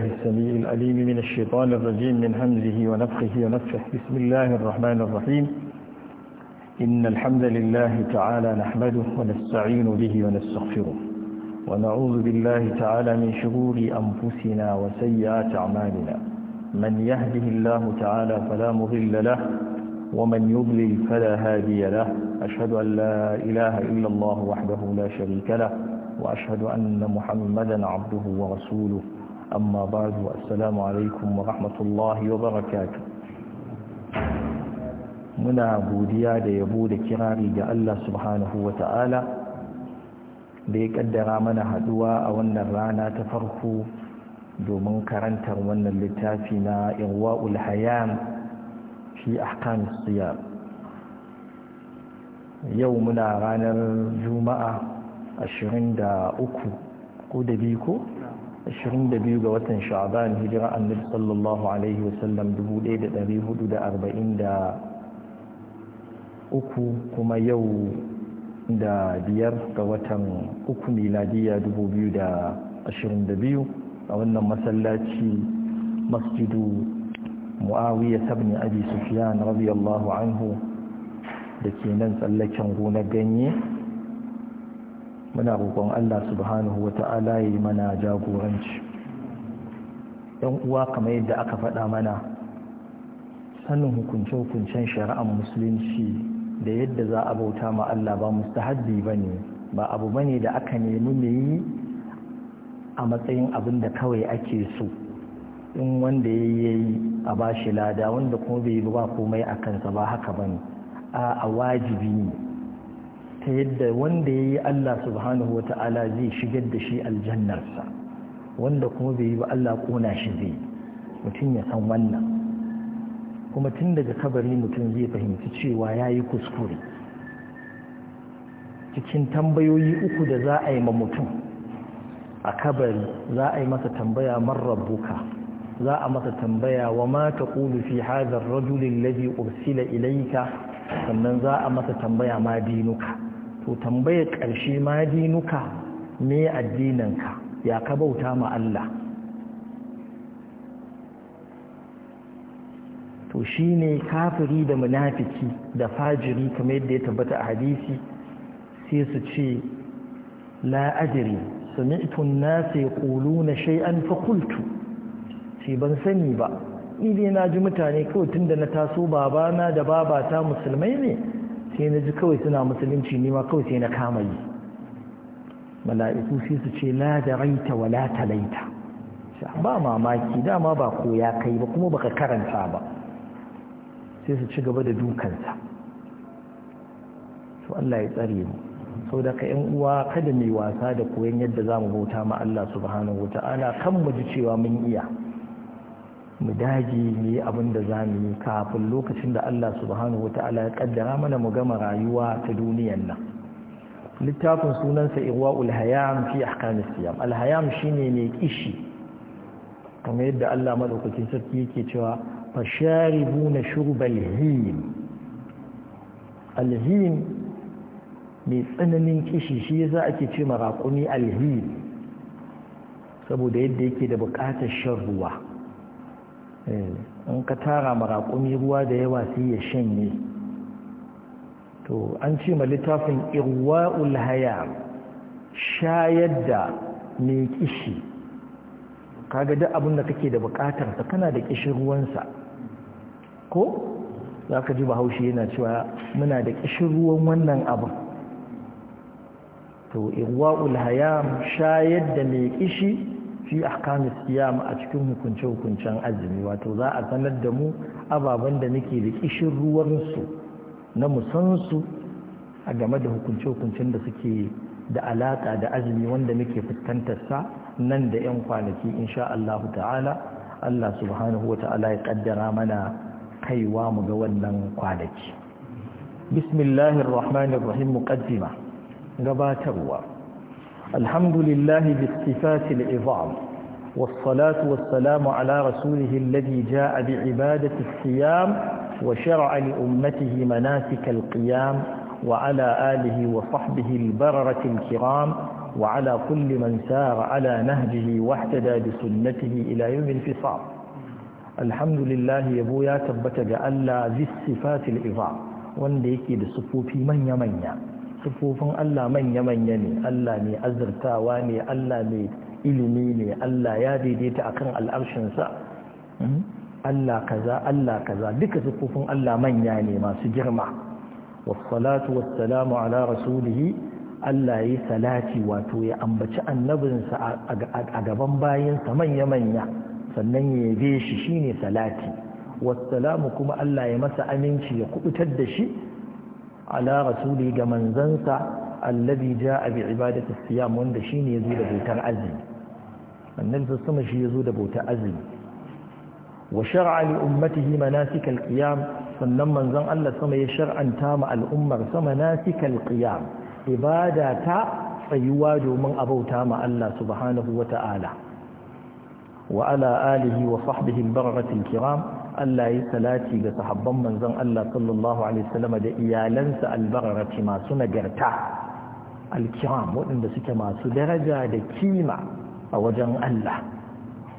السميع الأليم من الشيطان الرجيم من همزه ونفخه ونفخه بسم الله الرحمن الرحيم إن الحمد لله تعالى نحمده ونستعين به ونستغفره ونعوذ بالله تعالى من شرور أنفسنا وسيئات أعمالنا من يهده الله تعالى فلا مضل له ومن يضلل فلا هادي له أشهد أن لا إله إلا الله وحده لا شريك له وأشهد أن محمدا عبده ورسوله أما بعد والسلام عليكم ورحمة الله وبركاته منا بوديا da yabo da kirari ga Allah subhanahu wata'ala da ya ƙaddara mana haduwa a wannan rana ta farko domin karantar wannan littafi na irwa'ul hayam fi ahkam siyar yau muna ranar juma'a 23 ko da biyu ko 22 ga watan sha'ban hijira annabi sallallahu alaihi wasallam 1443 kuma yau da biyar ga watan uku miladiya 2022 a wannan masallaci masjidu mu'awiyya sabni abi sufyan radiyallahu anhu da ke nan tsallaken gonar ganye muna roƙon Allah subhanahu wa ta'ala yi mana jagoranci Ɗan uwa kamar yadda aka faɗa mana sanin hukunce-hukuncen shari'ar musulunci da yadda za a bauta ma Allah ba mustahabbi ba ne ba abu ba ne da aka nemi ne yi a matsayin abin da kawai ake so in wanda ya yi a bashi lada wanda kuma bai yi ba komai a kansa ba haka ba ne a wajibi ne ta yadda wanda ya yi Allah subhanahu wata'ala zai shigar da shi aljannarsa wanda kuma bai yi ba Allah kona shi zai mutum ya san wannan kuma tun daga kabari mutum zai fahimci cewa ya yi kuskure cikin tambayoyi uku da za a yi ma mutum a kabari za a yi masa tambaya marrabuka za a masa tambaya wa mata kulu fi hadar rajulin ladhi ursila ilaika sannan za a masa tambaya ma dinuka to tambayar ƙarshe ma dinuka me addininka ya ka bauta ma Allah to ne kafiri da munafiki da fajiri kamar yadda ya tabbata a hadisi sai su ce la adri sami'tu an-nas yaquluna shay'an fa qultu shi ban sani ba ni dai na ji mutane kawai tunda na taso babana da babata musulmai ne sai na ji kawai suna musulunci ne ma kawai sai na kama yi mala'iku sai su ce la da raita wa la talaita ba mamaki dama ba koya ya kai ba kuma baka karanta ba sai su ci gaba da dukansa to Allah ya tsare mu sau da ka uwa kada mai wasa da koyon yadda za mu bauta ma Allah subhanahu wa ta'ala kan mu ji cewa mun iya mu dage mu yi abin da za mu yi kafin lokacin da Allah subhanahu wa ta'ala ya kaddara mana mu gama rayuwa ta duniyan nan littafin sunansa Irwa hayam fi ahkamis siyam alhayam shine mai kishi kamar yadda Allah madaukakin sarki yake cewa fasharibuna shurbal him alhim mai tsananin kishi shi yasa ake ce ma raƙumi alhim saboda yadda yake da buƙatar shan ruwa Eh, in ka tara raƙumi ruwa da yawa sai ya shanye to an ce ma littafin Irwa ulhaya shayar da mai kishi kaga duk abin da kake da bukatar sa kana da kishin ruwansa ko za ka ji bahaushe yana cewa muna da kishin ruwan wannan abu to Irwa ulhaya shayar da mai kishi fi ahkamis siyam a cikin hukunce hukuncen azumi wato za a sanar da mu ababen da nake da kishin ruwansu na musansu a game da hukunce hukuncen da suke da alaka da azumi wanda muke fuskantar sa nan da yan kwanaki insha Allah ta'ala Allah subhanahu wa ta'ala ya kaddara mana kaiwa mu ga wannan kwanaki bismillahir rahmanir rahim muqaddima gabatarwa الحمد لله بالصفات العظام والصلاة والسلام على رسوله الذي جاء بعبادة الصيام وشرع لأمته مناسك القيام وعلى آله وصحبه البررة الكرام وعلى كل من سار على نهجه واحتدى بسنته إلى يوم الفصام الحمد لله يا بويا تبتج ألا ذي الصفات العظام وانديكي ليكي بصفوفي من يمين Sifofin Allah manya-manya ne Allah ne azurtawa ne Allah ne ilimi ne Allah ya daidaita akan al'arshinsa hmm? Allah kaza Allah kaza duka sufofin Allah manya ne masu girma wasu wassalamu ala rasulihi Allah ya salati wato ya ambaci annabinsa a gaban bayansa manya-manya sannan ya yabe shi shine salati wassalamu kuma Allah ya masa aminci ya kubutar da shi ala rasuli ga manzansa allazi jaa bi ibadati siyam wanda shine yazo da bautar azumi annabi sallallahu shi yazo da bautar azumi wa shar'a li ummatihi manasik al-qiyam sannan manzon Allah sama ya shar'anta ma al'ummar sama manasik al-qiyam ibada ta tsayuwa domin abauta ma Allah subhanahu wa ta'ala wa ala alihi wa sahbihi al-barakatil kiram Allah ya salati ga sahabban manzon Allah sallallahu alaihi wasallam da iyalansa albararati masu nagarta alkiram waɗanda suke masu daraja da kima a wajen Allah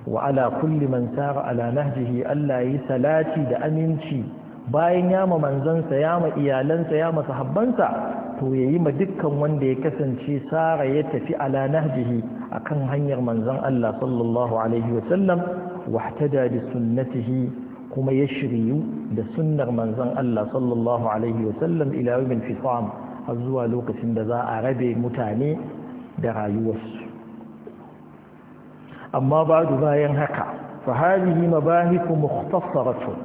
wa ala kulli man sara ala nahjihi Allah yi salati da aminci bayan yama manzansa yama iyalansa yama sahabbansa to yayi ma dukkan wanda ya kasance sara ya tafi ala nahjihi akan hanyar manzon Allah sallallahu alaihi wa sallam wahtada bi sunnatihi kuma ya shiryu da sunnar manzon Allah sallallahu alaihi wasallam ila yawmin fisam har zuwa lokacin da za a rabe mutane da rayuwarsu amma ba'du bayan haka fa hadhihi mabahiku mukhtasaratun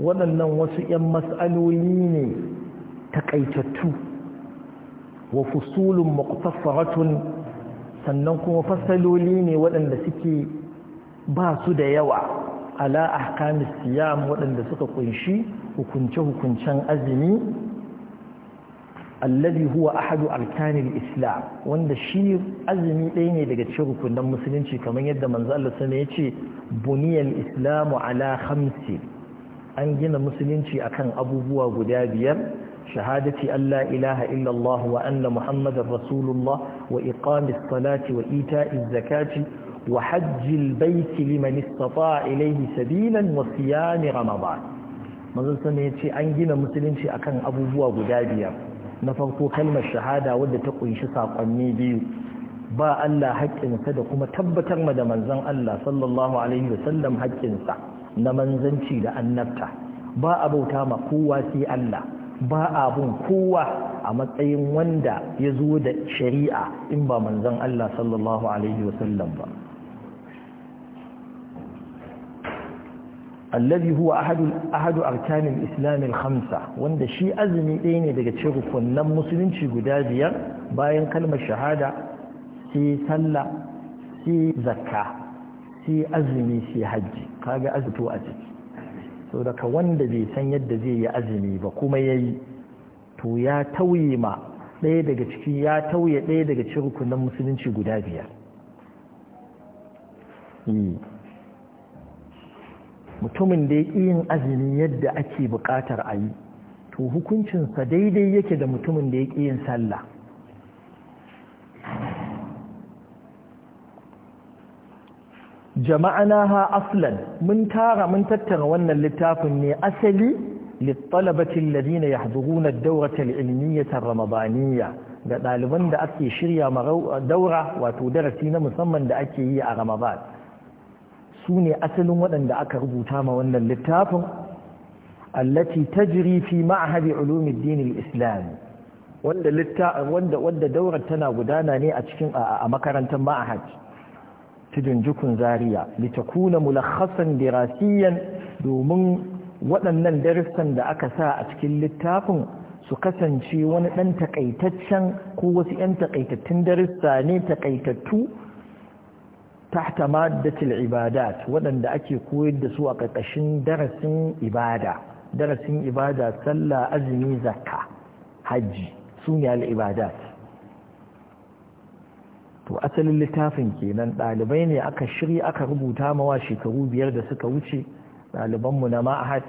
waɗannan wasu 'yan mas'aloli ne takaitattu wa fusulun muqtasaratun sannan kuma fasaloli ne waɗanda suke ba su da yawa ala ahkamis siyam waɗanda suka kunshi hukunce-hukuncen azumi alladhi huwa ahadu arkanil islam wanda shi azumi ɗaya ne daga cikin rukunan musulunci kamar yadda manzo Allah ya ce buniyal islamu ala hamsi an gina musulunci akan abubuwa guda biyar shahadati alla ilaha illallah wa anna muhammadar rasulullah wa iqamis salati wa ita'iz zakati وحج البيت لمن استطاع إليه سبيلا وصيام رمضان manzon sun ya ce an gina musulunci akan abubuwa guda biyar na farko kalmar shahada wadda ta kunshi sakonni biyu ba Allah haƙƙinsa da kuma tabbatar ma da manzon Allah sallallahu alaihi wasallam haƙƙinsa na manzanci da annabta ba abauta bauta ma kowa sai Allah ba abun kowa a matsayin wanda ya zo da shari'a in ba manzon Allah sallallahu alaihi wasallam ba allazi huwa ahadu ahadu arkanin islam wanda shi azumi ɗaya ne daga cikin rukunan musulunci guda biyar bayan kalmar shahada sai sallah sai zakka sai azumi sai hajji kaga azuto a ciki so daga wanda bai san yadda zai yi azumi ba kuma yayi to ya tauye ma ɗaya daga ciki ya tauye ɗaya daga cikin rukunan musulunci guda biyar mutumin da ya yin azumi yadda ake buƙatar a yi to hukuncinsa daidai yake da mutumin da ya yin sallah Jama'a ha aslan mun tara mun tattara wannan littafin ne asali littalabatin ladina ya haduruna dauratar ilmiyyatar ramadaniya ga ɗaliban da ake shirya daura wato darasi na musamman da ake yi a ramadan su ne asalin waɗanda aka rubuta ma wannan littafin allati tajri fi ma'hadi ulumuddin al-islam wanda litta wanda wanda daurar tana gudana ne a cikin a makarantar ma'had tudun jukun zaria litakuna mulakhasan dirasiyan domin waɗannan darussan da aka sa a cikin littafin su kasance wani ɗan takaitaccen ko wasu 'yan takaitattun darussa ne takaitattu tahta maddatil ibadat waɗanda ake koyar da su a ƙarƙashin darasin ibada darasin ibada sallah azumi zakka hajji su ne al'ibadat to asalin littafin kenan ɗalibai ne aka shiri aka rubuta mawa shekaru biyar da suka wuce mu na ma'ahad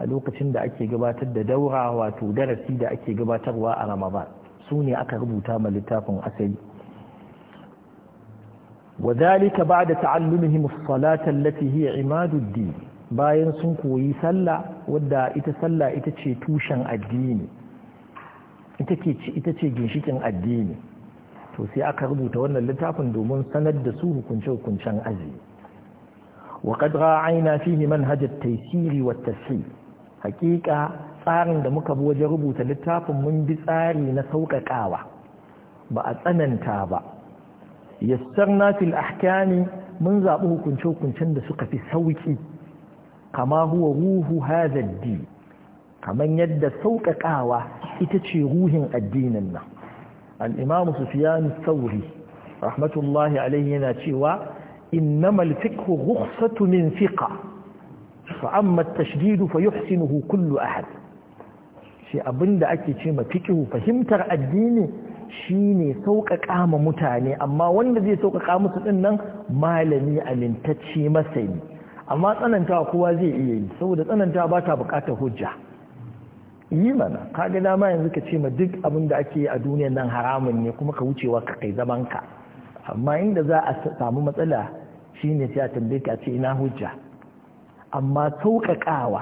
a lokacin da ake gabatar da daura wato darasi da ake gabatarwa a ramadan su ne aka rubuta ma littafin asali وذلك بعد تعلمهم الصلاة التي هي عماد الدين bayan sun koyi sallah wadda ita sallah ita ce tushen addini ita ce ginshikin addini to sai aka rubuta wannan littafin domin sanar da su hukunce-hukuncen azumi wa qad ra'ayna fihi manhajar Taisiri wa at-tashih tsarin da muka bi wajen rubuta littafin mun bi tsari na sauƙaƙawa ba a tsananta ba yassarna fil ahkami mun zaɓi hukunce-hukuncen da suka fi sauƙi kama huwa ruhu hadha din kaman yadda sauƙaƙawa ita ce ruhin addinin nan al-imam sufyan thawri rahmatullahi alayhi yana cewa innamal fiqhu rukhsatu min fiqa fa amma at-tashdid fa yuhsinuhu kullu ahad shi abinda ake ce ma fiqhu fahimtar addini Shi ne sauƙaƙa ma mutane amma wanda zai sauƙaƙa musu ɗin nan malami alintacce masani amma tsanantawa kowa zai iya yi saboda tsanantawa ba ta buƙatar hujja yi mana kaga dama yanzu ka ce ma duk abin da ake a duniyar nan haramun ne kuma ka wucewa ka kai zaman ka amma inda za a samu matsala shine sai a tambaye ka ce ina hujja amma sauƙaƙawa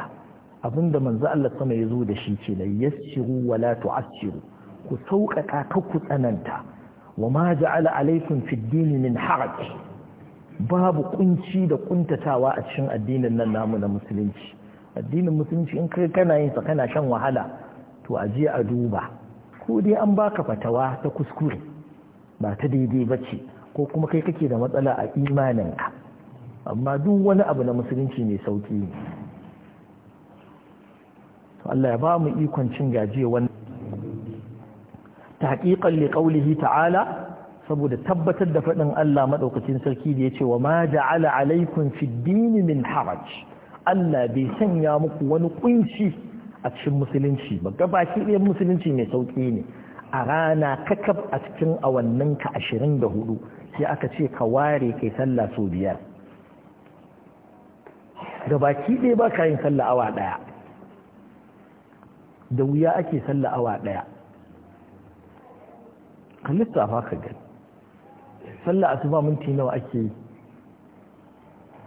abinda manzo Allah sama ya zo da shi ke nan yassiru wala tu'assiru ku sauƙaƙa ka ku tsananta wa ma ja'ala alaikum fi dini min haraj babu ƙunci da ƙuntatawa a cikin addinin nan namu na musulunci addinin musulunci in kai kana yin sa kana shan wahala to a je a duba ko dai an baka fatawa ta kuskure ba ta daidai ba ce ko kuma kai kake da matsala a imaninka amma duk wani abu na musulunci mai sauƙi ne Allah ya ba ikon cin gajiya wannan tahqiqan li qawlihi ta'ala saboda tabbatar da faɗin Allah maɗaukacin sarki da ya ce wa ma ja'ala alaikum fi min haraj Allah bai sanya muku wani kunci a cikin musulunci ba gabaki ɗayan musulunci mai sauki ne a rana kakab a cikin awannin ka ashirin da hudu sai aka ce ka ware kai sallah sau biyar gabaki ɗaya ba ka sallah awa ɗaya da wuya ake sallah awa ɗaya ka lissafa ka gani sallah asuba minti nawa ake yi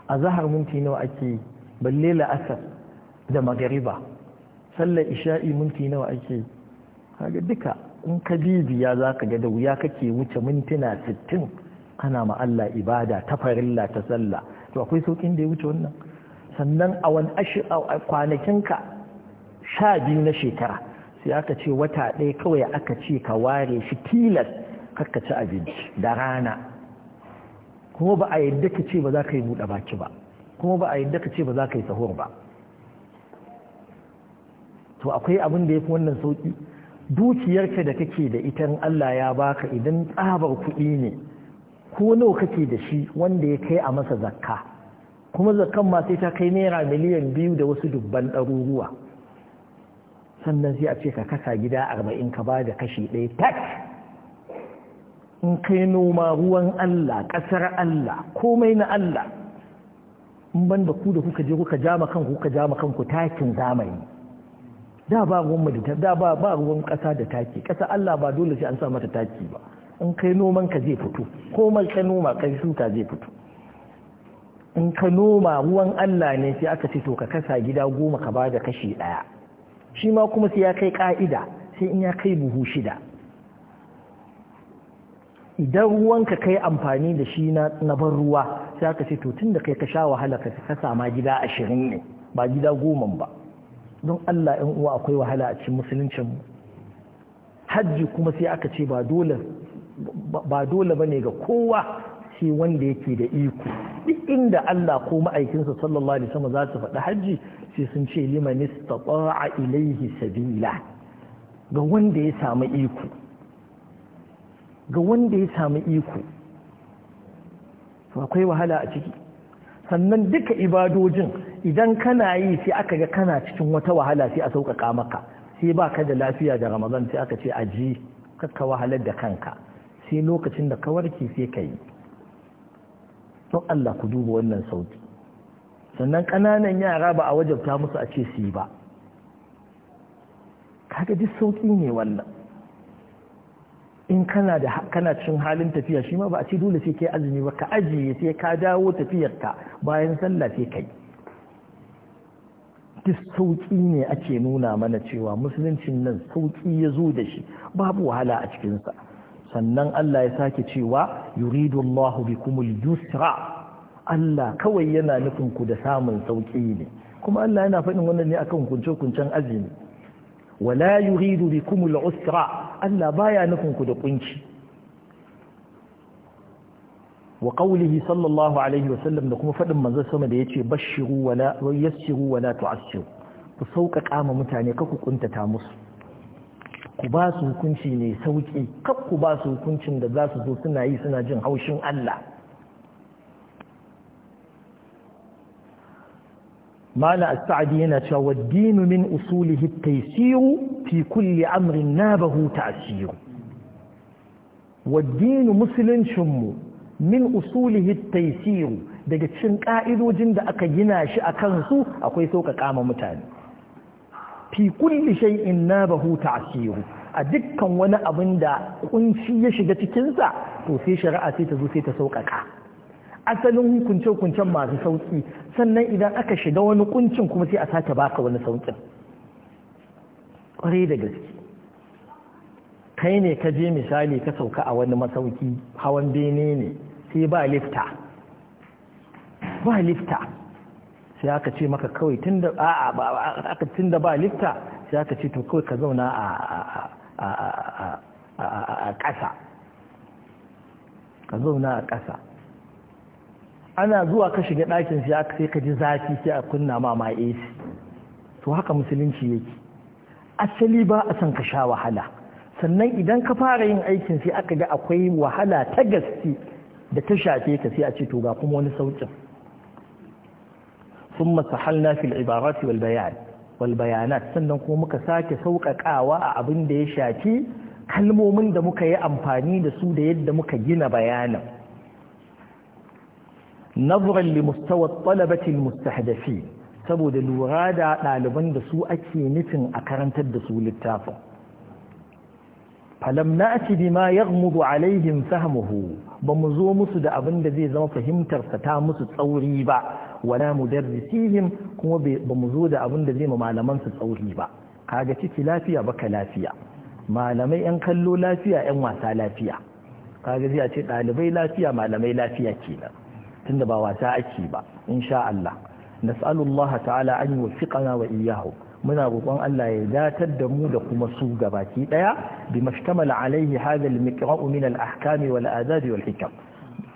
a zahar minti nawa ake yi balle la'asar da magariba sallar isha'i minti nawa ake yi kaga duka in ka bibiya za ka ga da wuya kake wuce mintuna sittin kana ma Allah ibada ta farilla ta sallah to akwai saukin da ya wuce wannan sannan a wani kwanakinka sha biyu na shekara sai aka ce wata ɗaya kawai aka ce ka ware shi tilas kakka ci abinci da rana kuma ba a yadda ka ce ba za ka yi buɗe baki ba kuma ba a yadda ka ce ba za ka yi sahur ba to akwai abin da ya fi wannan sauƙi dukiyarka da kake da ita in Allah ya baka idan tsabar kuɗi ne ko nawa kake da shi wanda ya kai a masa zakka kuma zakkan ma sai ta kai naira miliyan biyu da wasu dubban ɗaruruwa sannan sai a ce ka kasa gida arba'in ka ba da kashi ɗaya tak in kai noma ruwan Allah ƙasar Allah komai na Allah in ban da ku da kuka je kuka jama kanku kuka jama kanku takin zamani da ba ruwan da da ba ba ruwan ƙasa da taki ƙasa Allah ba dole sai an sa mata taki ba in kai noman ka zai fito komai ka noma kai shuka zai fito in ka noma ruwan Allah ne sai aka ce to ka kasa gida goma ka ba da kashi ɗaya shi ma kuma sai ya kai ƙa'ida sai in ya kai buhu shida idan ruwanka kai amfani da shi na ban ruwa sai aka ce to tun da kai ka sha wahala ka ka sama gida ashirin ne ba gida goma ba don Allah in uwa akwai wahala a cikin musuluncin mu hajji kuma sai aka ce ba dole ba ne ga kowa sai wanda yake da iko duk inda Allah ko ma'aikinsa sallallahu alaihi wasallam za su faɗi hajji sai sun ce liman istata'a ilaihi sabila ga wanda ya samu iko ga wanda ya samu iko akwai wahala a ciki sannan duka ibadojin idan kana yi sai aka ga kana cikin wata wahala sai a sauƙaƙa maka sai baka da lafiya da ramadan sai aka ce aji kakka wahalar da kanka sai lokacin da ka warke sai ka yi don Allah ku duba wannan sauki sannan ƙananan yara ba a wajabta musu a ce su yi ba kaga duk sauƙi ne wannan in kana da kana cin halin tafiya shi ma ba a ce dole sai kai azumi ba ka ajiye sai ka dawo tafiyarka bayan sallah sai kai duk sauƙi ne ake nuna mana cewa musuluncin nan sauƙi ya zo da shi babu wahala a cikinsa sannan Allah ya sake cewa yuridu Allahu bikumul yusra Allah kawai yana nufin ku da samun sauƙi ne kuma Allah yana faɗin wannan ne akan kunce-kuncen azumi wala yuridu bikum al-usra Allah baya nufin ku da kunci wa qawlihi sallallahu alaihi wa sallam da kuma faɗin manzon sama da yace bashiru wala yassiru wala tu'assiru ku sauƙaƙa ma mutane ka ku kuntata musu ku ba su hukunci ne sauƙi kar ku ba su hukuncin da za su zo suna yi suna jin haushin Allah mala as-sa'di yana cewa wad-dinu min usulihi at-taysiru fi kulli amrin nabahu ta'siru wad-din musuluncin min usulihi at-taysiru daga cikin ka'idojin da aka gina shi akan su akwai sauƙaƙa ma mutane fi kulli shay'in nabahu ta'siru a dukkan wani abun da ƙunshi ya shiga cikinsa to sai shari'a sai ta zo sai ta sauƙaƙa asalin hukunce-hukuncen masu sauki sannan idan aka shiga wani kuncin kuma sai a sake baka wani sauƙin ƙwarai da gaske kai ne ka je misali ka sauka a wani masauki hawan bene ne sai ba lifta ba lifta sai aka ce maka kawai tun a'a ba ba lifta sai aka ce to kawai ka zauna a ƙasa ka zauna a ƙasa ana zuwa ka shiga ɗakin sai aka sai ka ji zafi sai a kunna ma ma AC to haka musulunci yake asali ba a son ka sha wahala sannan idan ka fara yin aikin sai aka ga akwai wahala ta gaske da ta shafe ka sai a ce to ga kuma wani saukin sun masahalna fil ibarati wal bayan wal bayanat sannan kuma muka sake sauƙaƙawa a abin da ya shafi kalmomin da muka yi amfani da su da yadda muka gina bayanan. نظرا لمستوى الطلبة المستهدفين saboda lura da ɗaliban da su ake nufin a karantar da su littafin falam na ci bi ma ya mudu alaihim fahmuhu ba mu zo musu da abin da zai zama fahimtarsa ta musu tsauri ba wala mu darrisihim kuma ba mu zo da abin da zai ma malamansu tsauri ba kaga ciki lafiya baka lafiya malamai yan kallo lafiya yan wasa lafiya kaga zai a ce ɗalibai lafiya malamai lafiya kenan tunda ba wata ake ba insha Allah nas'alullaha ta'ala an yuwaffiqana wa iyyahu muna roƙon Allah ya datar da mu da kuma su gabaki daya bi mashtamala alaihi hadha al-miqra'u min al-ahkami wal adabi wal hikam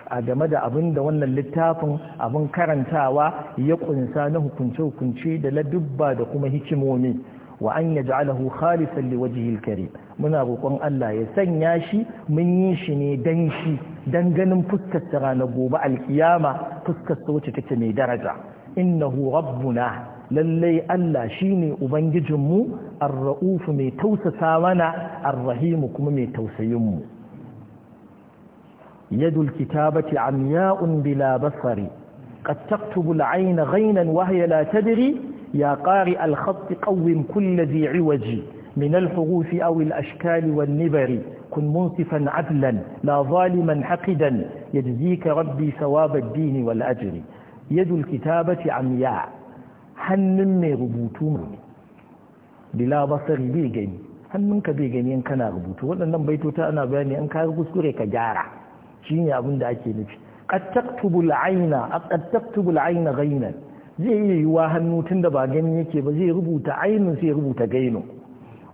a game da abin da wannan littafin abin karantawa ya kunsa na hukunce-hukunce da ladubba da kuma hikimomi wa an ya ja'alahu khalisan li wajhil karim muna roƙon Allah ya sanya shi mun yi shi ne dan shi dan ganin fuskar ta ranar gobe alkiyama fuskar ta wuce take mai daraja innahu rabbuna lallai Allah shine ubangijinmu ar-ra'uf mai tausasa mana ar-rahim kuma mai tausayin mu yadul kitabati amya'un bila basari قد تكتب العين غينا وهي لا تدري يا قارئ الخط قوم كل ذي عوج من الحغوث أو الأشكال والنبر كن منصفا عدلا لا ظالما حقدا يجزيك ربي ثواب الدين والأجر يد الكتابة عمياء حنمي غبوتون بلا بصر بيجن حنمك بيجن ينكنا غبوتون ولن نبيتوتا أنا باني أنكا غبوتوريك جارع شيني أبن دعاكي نفسي قد تكتب العين قد تكتب العين غينا زي يواهن نوتن دبا جنيكي بزي غبوت عين سي غبوت غينو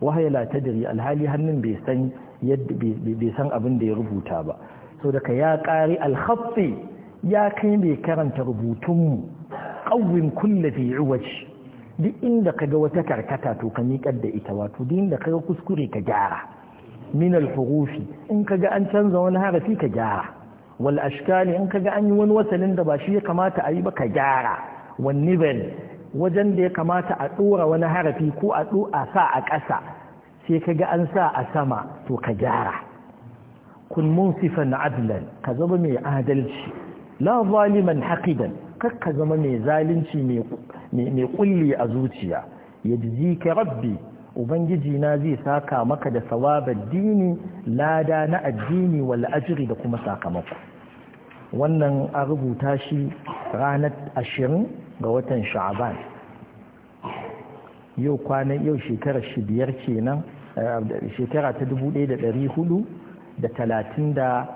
wahaya la tadri alhali hannun bai san yadda bai san abin da ya rubuta ba so daga ya ƙari alhaffi ya kai mai karanta rubutunmu ƙawin kulle fi iwaci duk inda kaga wata karkata to ka miƙar da ita wato duk inda kaga kuskure ka gyara min alhurufi in kaga an canza wani harafi ka gyara wal ashkali in kaga an yi wani wasalin da ba shi ya kamata a yi ba ka gyara Wani nibal wajen da ya kamata a ɗora wani harafi ko a a sa a ƙasa sai ka ga an sa a sama to ka gyara kun sifan adlan ka zama mai adalci la zaliman haqidan kar ka zama mai zalunci mai kulli a zuciya yajzika rabbi ubangiji na zai saka maka da sawabar dini lada na addini wal ajiri da kuma sakamako wannan a rubuta shi ranar ashirin ga watan sha'aban yau kwanan yau shekarar shi biyar kenan eh, shekara ta dubu ɗaya da ɗari hudu da talatin da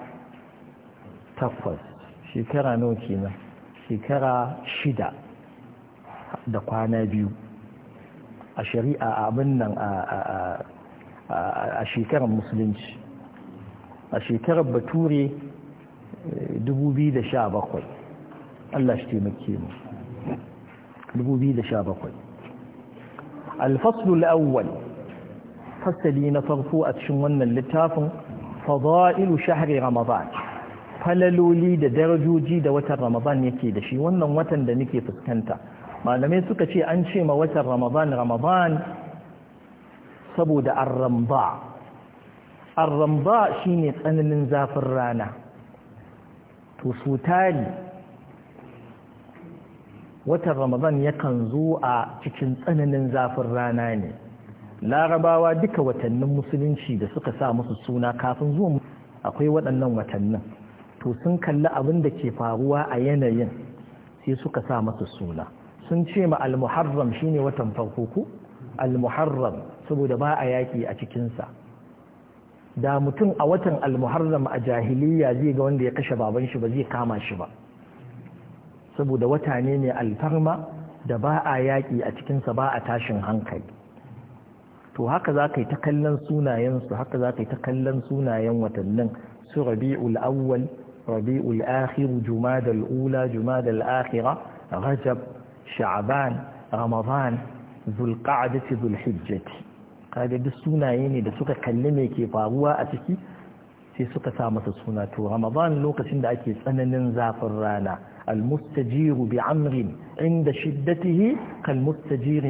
takwas shekara nawa kenan shekara shida da kwana biyu a shari'a abin nan a shekarar musulunci a shekarar bature 2017 Allah shi taimake mu 2017 alfaslul awwal fasali na farko a cikin wannan littafin fada'ilu shahri ramadan falaloli da darajoji da watan ramadan yake da shi wannan watan da nake fuskanta malamai suka ce an ce ma watan ramadan ramadan saboda arramba arramba shine tsananin zafin rana to su tari watan ramadan yakan zo a cikin tsananin zafin rana ne larabawa duka watannin musulunci da suka sa musu suna kafin zuwa akwai waɗannan watannin to sun kalli abin da ke faruwa a yanayin sai suka sa masu suna sun ce ma al-muharram shine watan farko ku al-muharram saboda ba a yaki a cikinsa da mutum a watan almuharram a jahiliya zai ga wanda ya kashe baban shi ba zai kama shi ba saboda wata ne ne alfarma da ba a yaƙi a cikinsa ba a tashin hankali to haka za ka yi ta kallon sunayensu haka za ka yi ta kallon sunayen watannin su rabi'ul awwal rabi'ul akhir juma al-ula juma al-akhira rajab sha'ban ramadan zulqa'dati zulhijjati kaga duk sunaye ne da suka kalli me ke faruwa a ciki sai suka sa masa suna to ramadan lokacin da ake tsananin zafin rana المستجير بعمر عند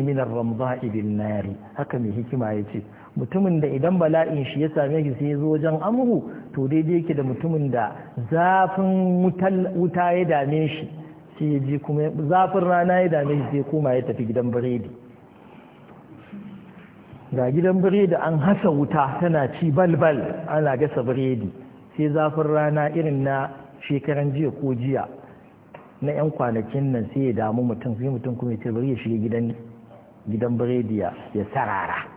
min ar من bil nari haka mai hikima yace mutumin da idan bala'in shi ya same shi sai zo wajen amru to daidai yake da mutumin da zafin wuta ya dame shi sai ya ji kuma zafin rana ya dame shi sai koma ya tafi gidan biredi ga gidan biredi an hasa wuta tana ci balbal ana gasa biredi sai zafin rana irin na shekaran jiya ko jiya na 'yan kwanakin nan sai ya damu mutum sai mutum kuma ya ce bari ya shiga gidan gidan biredi ya sarara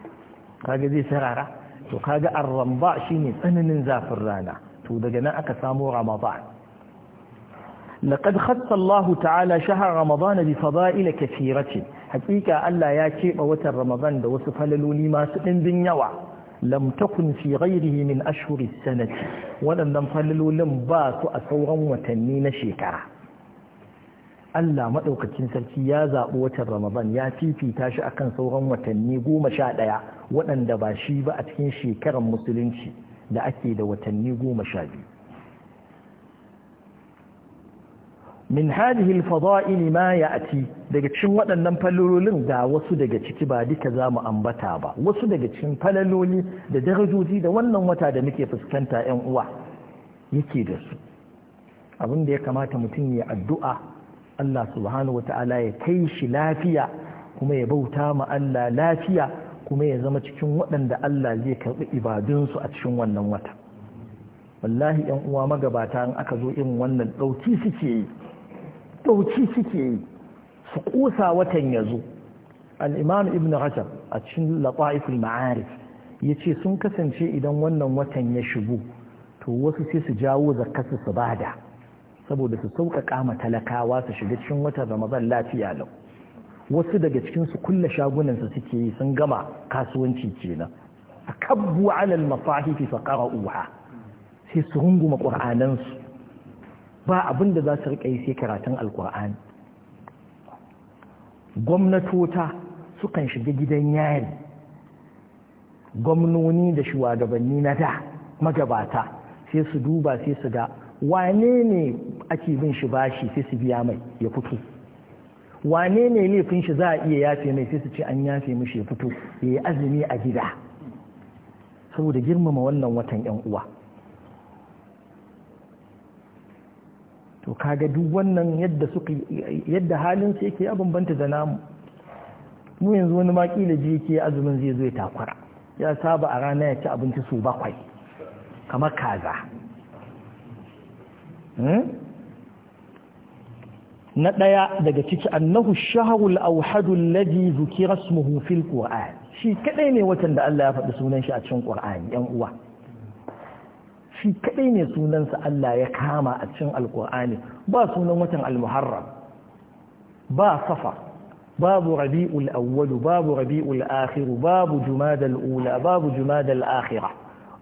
kaga zai sarara to kaga arramba shine tsananin zafin rana to daga nan aka samu ramadan laqad khassa ta'ala shahar ramadan bi fada'il hakika Allah ya keɓe watan Ramadan da wasu falaloli masu ɗimbin yawa lam takun fi ghairihi min ashhuri sanati waɗannan falalolin ba su a sauran watanni na shekara Allah maɗaukacin sarki ya zaɓi watan Ramadan ya fifita shi akan sauran watanni goma sha ɗaya waɗanda ba shi ba a cikin shekarar musulunci da ake da watanni goma sha biyu min hadhihi al-fada'il ma ya'ti daga cikin waɗannan falalolin ga wasu daga ciki ba duka zamu ambata ba wasu daga cikin falaloli da darajoji da wannan wata da muke fuskanta ƴan uwa yake da su abin da ya kamata mutum ya addu'a Allah subhanahu wata'ala ya kai shi lafiya kuma ya bauta ma Allah lafiya kuma ya zama cikin waɗanda Allah zai karɓi ibadunsu a cikin wannan wata wallahi ƴan uwa magabata in aka zo irin wannan ɗauki suke yi ɗauki suke yi su ƙusa watan ya zo al'imam ibn hajar a cikin laƙa'iful ma'arif ya ce sun kasance idan wannan watan ya shigo to wasu sai su jawo zakasu su bada saboda su sauƙaƙa ma talakawa su shiga cikin watan ramadan lafiya lau wasu daga cikin su kulle shagunansa suke yi sun gama kasuwanci kenan a alal mafahifi fa qara'uha sai su runguma qur'anansu ba abin da za su riƙa yi sai karatun alkur'ani gwamnatota sukan shiga gidan yayin gwamnoni da shugabanni na da magabata sai su duba sai su ga wane ne ake bin shi bashi sai su biya mai ya fito wane ne laifin shi za a iya yafe mai sai su ce an yafe mishi ya fito ya yi azumi a gida saboda girmama wannan watan 'yan uwa to kaga duk wannan yadda suka yadda halin su yake ya bambanta da namu mu yanzu wani maki da ji yake azumin zai zo ya takura ya saba a rana ya ci abinci su bakwai kamar kaza hmm? na ɗaya daga ciki annahu shahrul awhadu alladhi zukira ismuhu fil qur'an shi kadai ne watan da Allah ya faɗi sunan shi a cikin qur'ani yan uwa shi kadai ne sunansa Allah ya kama a cikin alkur'ani ba sunan watan almuharram ba safa babu rabi'ul awwal babu rabi'ul akhir babu jumadal ula babu jumadal akhirah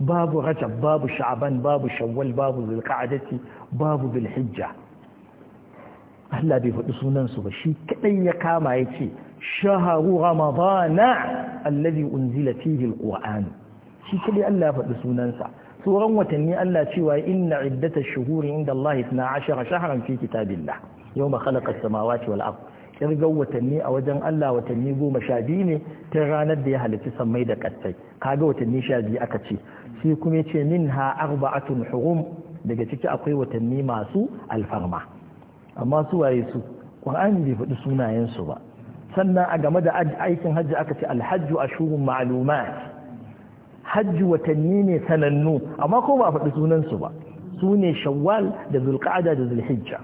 babu rajab babu sha'ban babu shawwal babu zulqa'dati babu zulhijja Allah bai faɗi su ba shi kadai ya kama yace shahru ramadana alladhi unzila fihi alqur'an shi kadai Allah ya faɗi sunansa sauran watanni Allah cewa inna iddata shuhuri inda Allah na ashara shaharan fi kitabillah yau ma khalaqa samawati wal ard kirgan watanni a wajen Allah watanni goma sha biyu ne ta ranar da ya halitta sammai da ƙasai kaga watanni sha biyu aka ce shi kuma ce min ha arba'atun hurum daga ciki akwai watanni masu alfarma amma su waye su qur'ani bai faɗi sunayen su ba sannan a game da aikin hajji aka ce alhajju ashurun ma'lumat hajji watanni ne sanannu amma ko ba faɗi sunansu ba su ne shawwal da zulqa'ada da zulhijja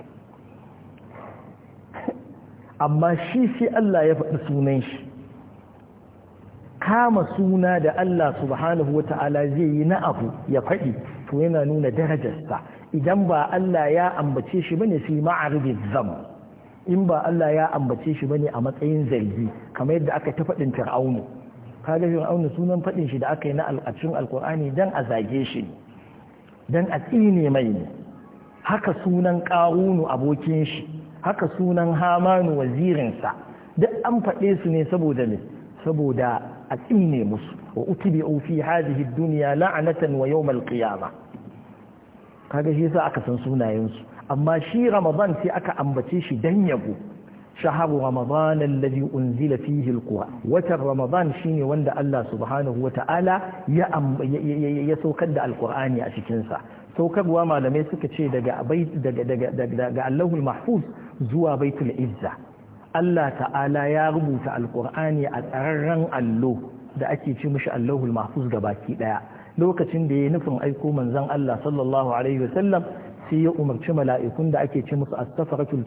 amma shi sai Allah ya faɗi sunan shi kama suna da Allah subhanahu ta'ala zai yi na abu ya faɗi to yana nuna darajarsa idan ba Allah ya ambace shi bane fi ma'aribin zam in ba Allah ya ambace shi bane a matsayin zargi kamar yadda aka ta faɗin fir'aunu kaga auna sunan faɗin shi da aka yi na alƙacin alƙur'ani dan a zage shi dan a tsine mai ne haka sunan ƙarunu abokin shi haka sunan hamanu wazirinsa duk an faɗe su ne saboda ne saboda a tsine musu wa utbi'u fi hadhihi ad-dunya la'natan wa yawm al Ka kaga shi yasa aka san sunayensu. amma shi ramadan sai aka ambace shi dan yabo شهر رمضان الذي أنزل فيه wanda Allah رمضان شيني ya saukar da وتعالى a القرآن أشكنسا saukarwa malamai suka ce daga allahul mahfuz zuwa baitul izza Allah ta'ala ya rubuta alkur'ani a tsararren allo da ake ce mishi allahul mahfuz ga baki daya lokacin da ya nufin aiko manzon Allah sallallahu alaihi wasallam sai ya umarci mala'ikun da ake ce musu as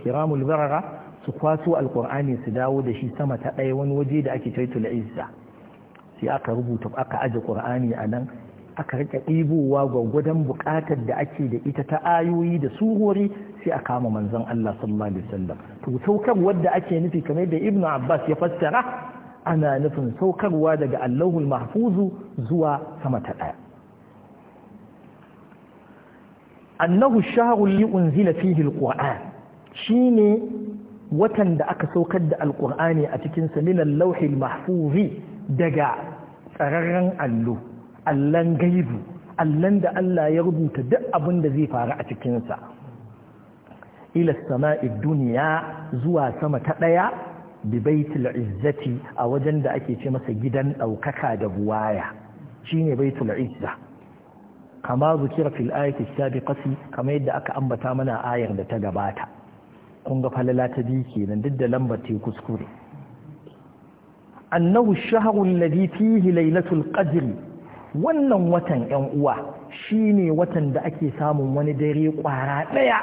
kiramul barara su kwaso alkur'ani su dawo da shi sama ta ɗaya wani waje da ake taitul izza sai aka rubuta aka aje qur'ani a nan aka rika ɗibowa gwagwadon buƙatar da ake da ita ta ayoyi da surori sai a kama manzon Allah sallallahu alaihi wasallam to saukarwar da ake nufi kamar da Ibn Abbas ya fassara ana nufin saukarwa daga Allahul Mahfuzu zuwa sama ta ɗaya annahu shahrul li unzila fihi alquran shine watan da aka saukar da Alƙur'ani a cikinsa saminan lauhin mahfuzi daga tsararren allo allon gaibu allon da Allah ya rubuta duk abin da zai faru a cikinsa ila sama'i duniya zuwa sama ta ɗaya bi baitul izzati a wajen da ake ce masa gidan ɗaukaka da buwaya shine baitul izza kama zukira fil ayati sabiqati kama yadda aka ambata mana ayar da ta gabata kun ga falala ta biyu kenan duk da lambar ta kuskure annahu shahru alladhi fihi lailatul qadr wannan watan yan uwa shine watan da ake samun wani dare kwara daya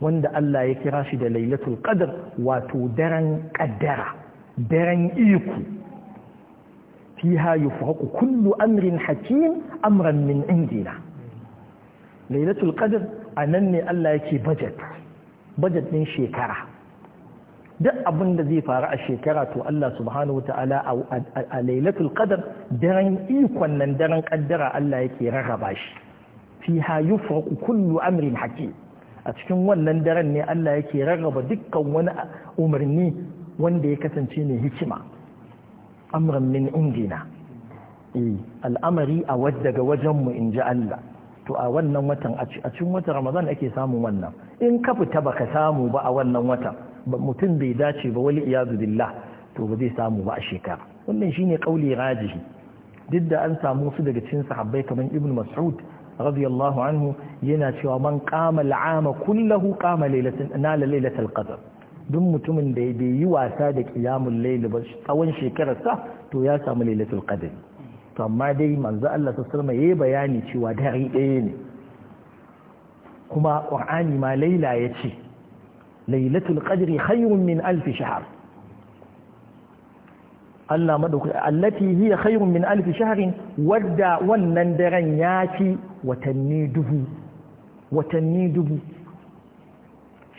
wanda Allah ya kira shi da lailatul qadr wato daren kaddara daren iko fiha yufraqu kullu amrin hakim amran min indina lailatul qadr anan ne Allah yake budget budget din shekara duk abin da zai faru a shekara to Allah subhanahu wata'ala a lailatul qadar daren ikon nan daren kaddara Allah yake rarraba shi fiha yufraqu kullu amrin hakim a cikin wannan daren ne Allah yake rarraba dukkan wani umarni wanda ya kasance mai hikima amran min indina eh, al'amari a wadda ga wajenmu in ji Allah to a wannan watan a cikin watan ramadan ake samun wannan in ka fita baka samu ba a wannan watan mutum bai dace ba wali iyazu billah to ba zai samu ba a shekara wannan shine kauli rajihi duk da an samu su daga cikin sahabbai kamar ibnu mas'ud radiyallahu anhu yana cewa man qama al'ama kulluhu qama laylatan nala laylatal qadr duk mutumin da bai yi wasa da qiyamul layl ba tsawon shekararsa to ya samu laylatul qadr to amma dai manzo Allah ya yayi bayani cewa dare ɗaya ne kuma qur'ani ma laila yace lailatul qadri khayrun min alf shahr Allah madauki allati hiya khayrun min alf shahr wadda wannan daren fi watanni dubu watanni dubu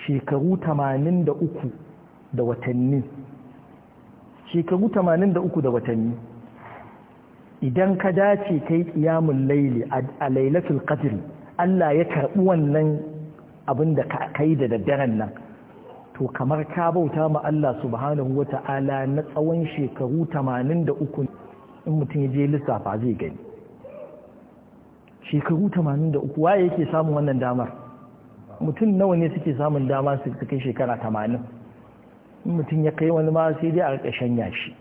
shekaru 83 da watanni shekaru 83 da watanni idan ka dace kai ƙiyamun laili, a lailatul qadr Allah ya karɓi wannan abin da ka kai da daddaren nan to kamar ka bauta ma Allah subhanahu Ta'ala na tsawon shekaru 83 in mutum ya je lissafa zai gani shekaru 83 waye yake samun wannan damar mutum nawa ne suke samun dama su kai shekara 80 in mutum ya kai wani ma sai dai a ƙarƙashin yashi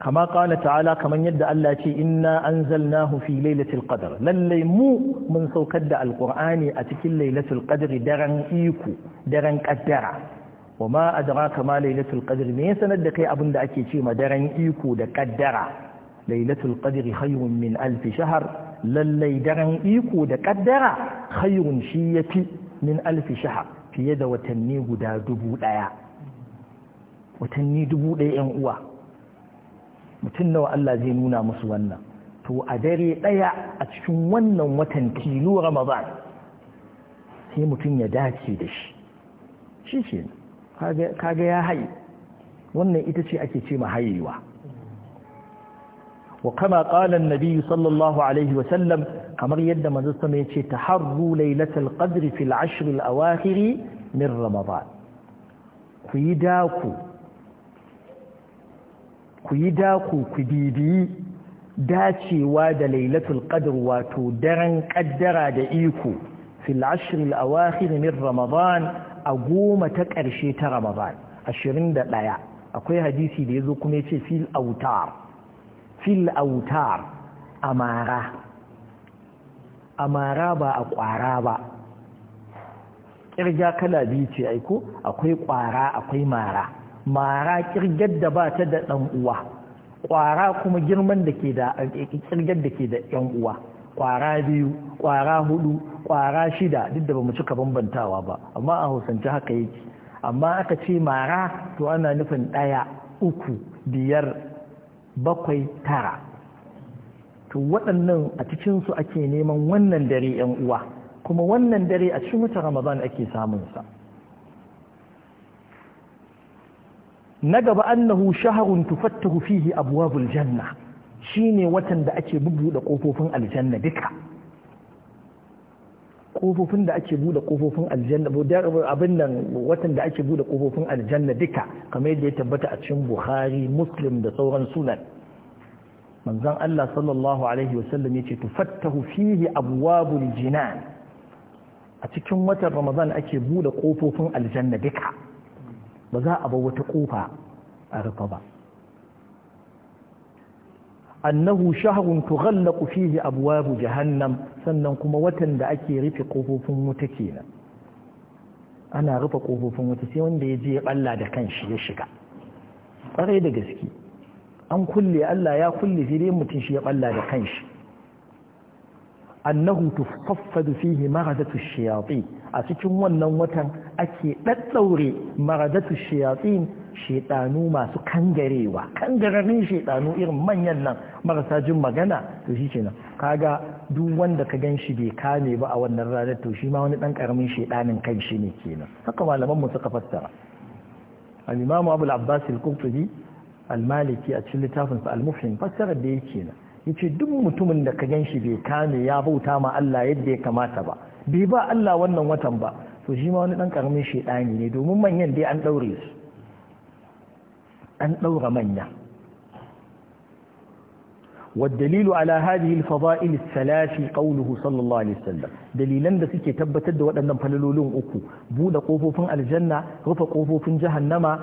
kama kala ta'ala kaman yadda Allah ce inna anzalnahu hufi lailatul ƙadar lallai mu mun saukar da alƙur'ani a cikin lailatul ƙadar daren iko daren kaddara wama adraka kama lailatul qadr me sanar da kai da ake ce ma daren iko da kaddara lailatul ƙadar khayrun min alf shahr daren iko da kaddara khayrun shi fi min alfi shahar fiye da watanni guda dubu ɗaya, watanni dubu ɗaya yan uwa mutum nawa Allah zai nuna musu wannan to a dare ɗaya a cikin wannan watan tilo ramadan sai mutum ya dace da shi shi ce kaga ya haye wannan ita ce ake ce mahayewa wa kama ƙalan nabi sallallahu alaihi wasallam kamar yadda manzo sama ya ce taharru lailatul qadri fil ashr al min ramadan ku yi daku ku yi daku ku bibiyi dacewa da lailatul qadr wato daren kaddara da iko fil ashr al awakhir min ramadan a goma ta karshe ta ramadan 21 akwai hadisi da yazo kuma yace fil autar fil autar amara amara ba a kwara ba kirja kala biyu ce aiko akwai kwara akwai mara mara kirgar da ba ta da ɗan uwa ƙwara kuma girman da ke da kirgar da ke da ɗan uwa ƙwara biyu ƙwara hudu ƙwara shida duk da ba mu cika bambantawa ba amma a hausance haka yake amma aka ce mara to ana nufin ɗaya uku biyar bakwai tara to waɗannan a cikinsu ake neman wannan dare ‘yan uwa kuma wannan dare a cikin wata ramadan ake samunsa na gaba annahu shaharun tufattahu fihi abwabul janna shine watan da ake bubuɗe kofofin aljanna duka kofofin da ake bude kofofin aljanna abin nan watan da ake bude kofofin aljanna duka kamar yadda ya tabbata a cikin bukhari muslim da sauran sunan manzon Allah sallallahu alaihi wasallam yace tufattahu fihi abwabul jinan a cikin watan ramadan ake bude kofofin aljanna duka ba za a bar wata kofa a rufa ba annahu shahrun tughallaqu fihi abwab jahannam sannan kuma watan da ake rufe kofofin wuta kenan ana rufe kofofin wuta sai wanda ya je ya balla da kanshi ya shiga kare da gaske an kulle Allah ya kulle sai mutun mutum shi ya balla da kanshi annahu tufaffadu fihi maradatu shayati a cikin wannan watan ake daddaure maradatu shayatin shedanu masu kangarewa kangararin shedanu irin manyan nan marasa jin magana to shi kenan kaga duk wanda ka ganshi bai kame ba a wannan ranar to shi ma wani dan karamin shedanin kan shi ne kenan haka malaman mu suka fassara al-imam abu al-abbas al-qurtubi al-maliki a cikin littafinsa al-mufhim fassara da yake kenan yace duk mutumin da ka ganshi bai kame ya bauta ma Allah yadda ya kamata ba bai ba Allah wannan watan ba to shi ma wani dan karamin shedani ne domin manyan dai an daure su an daura manya والدليل على هذه الفضائل الثلاث قوله صلى الله عليه وسلم دليلا da suke tabbatar da waɗannan falalolin uku bude kofofin aljanna rufe kofofin jahannama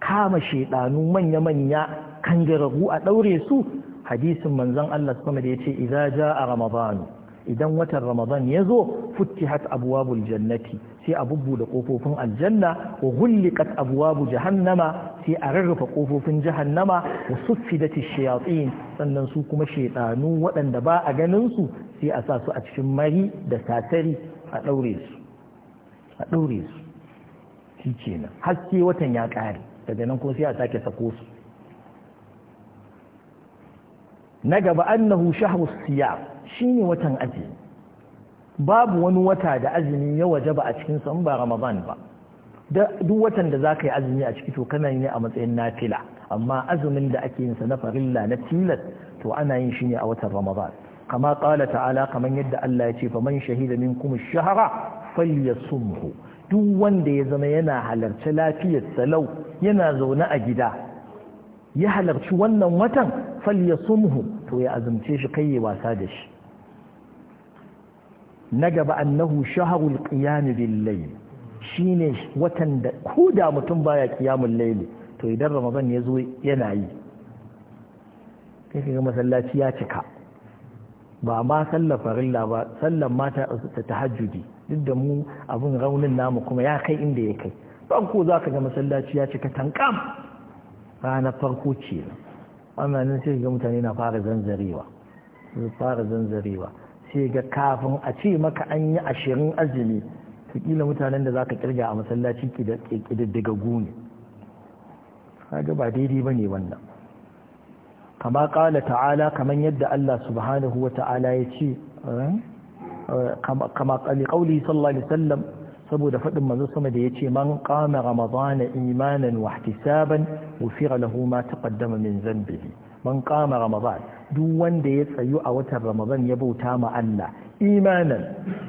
kama shedanu manya manya kangararru a daure su hadisin manzon Allah sama da yace idza jaa ramadan idan watan ramadan ya zo futtihat abwabul jannati sai a da kofofin aljanna wa ghulliqat abwabu jahannama sai a rarrafa kofofin jahannama wa suffidat ash-shayatin sannan su kuma shaytanu waɗanda ba a ganin su sai a sa su a cikin mari da satari a daure su a daure su shikenan watan ya ƙare daga nan kuma sai a sake sako su na gaba annahu shahru siyam shine watan azumi babu wani wata da azumi ya wajaba a cikin san ba ramadan ba duk watan da zaka yi azumi a ciki to kana ne a matsayin nafila amma azumin da ake yin sa na farilla na tilas to ana yin shi ne a watan ramadan kama qala ta'ala kaman yadda Allah ya ce faman shahida minkum ash-shahra falyasumhu duk wanda ya zama yana halarci lafiyar salau yana zaune a gida ya halarci wannan watan falyasumhu to ya azumce shi kai wasa da shi na gaba annahu shaharul qiyam bil layl shine watan da ko da mutum baya qiyamul layl to idan ramadan ya zo yana yi kai ga masallaci ya cika ba ma sallar farilla ba sallar mata ta tahajjudi duk da mu abin raunin namu kuma ya kai inda ya kai ban ko zaka ga masallaci ya cika tankam ranar farko ce ana nan sai ga mutane na fara zanzarewa fara zanzarewa sai ga kafin a ce maka an yi ashirin azumi kila mutanen da za ka kirga a masallaci ƙididdiga gune kaga ba daidai ba ne wannan kama ƙala ta'ala kamar yadda Allah subhanahu wa ta'ala ya ce eh, kama ƙali ƙauli sallallahu alaihi wasallam saboda faɗin manzo sama da yace man qama ramadana imanan wa ihtisaban ghufira lahu ma taqaddama min dhanbihi man qama ramadan duk wanda ya tsayu a watan ramadan ya bauta ma Allah imanan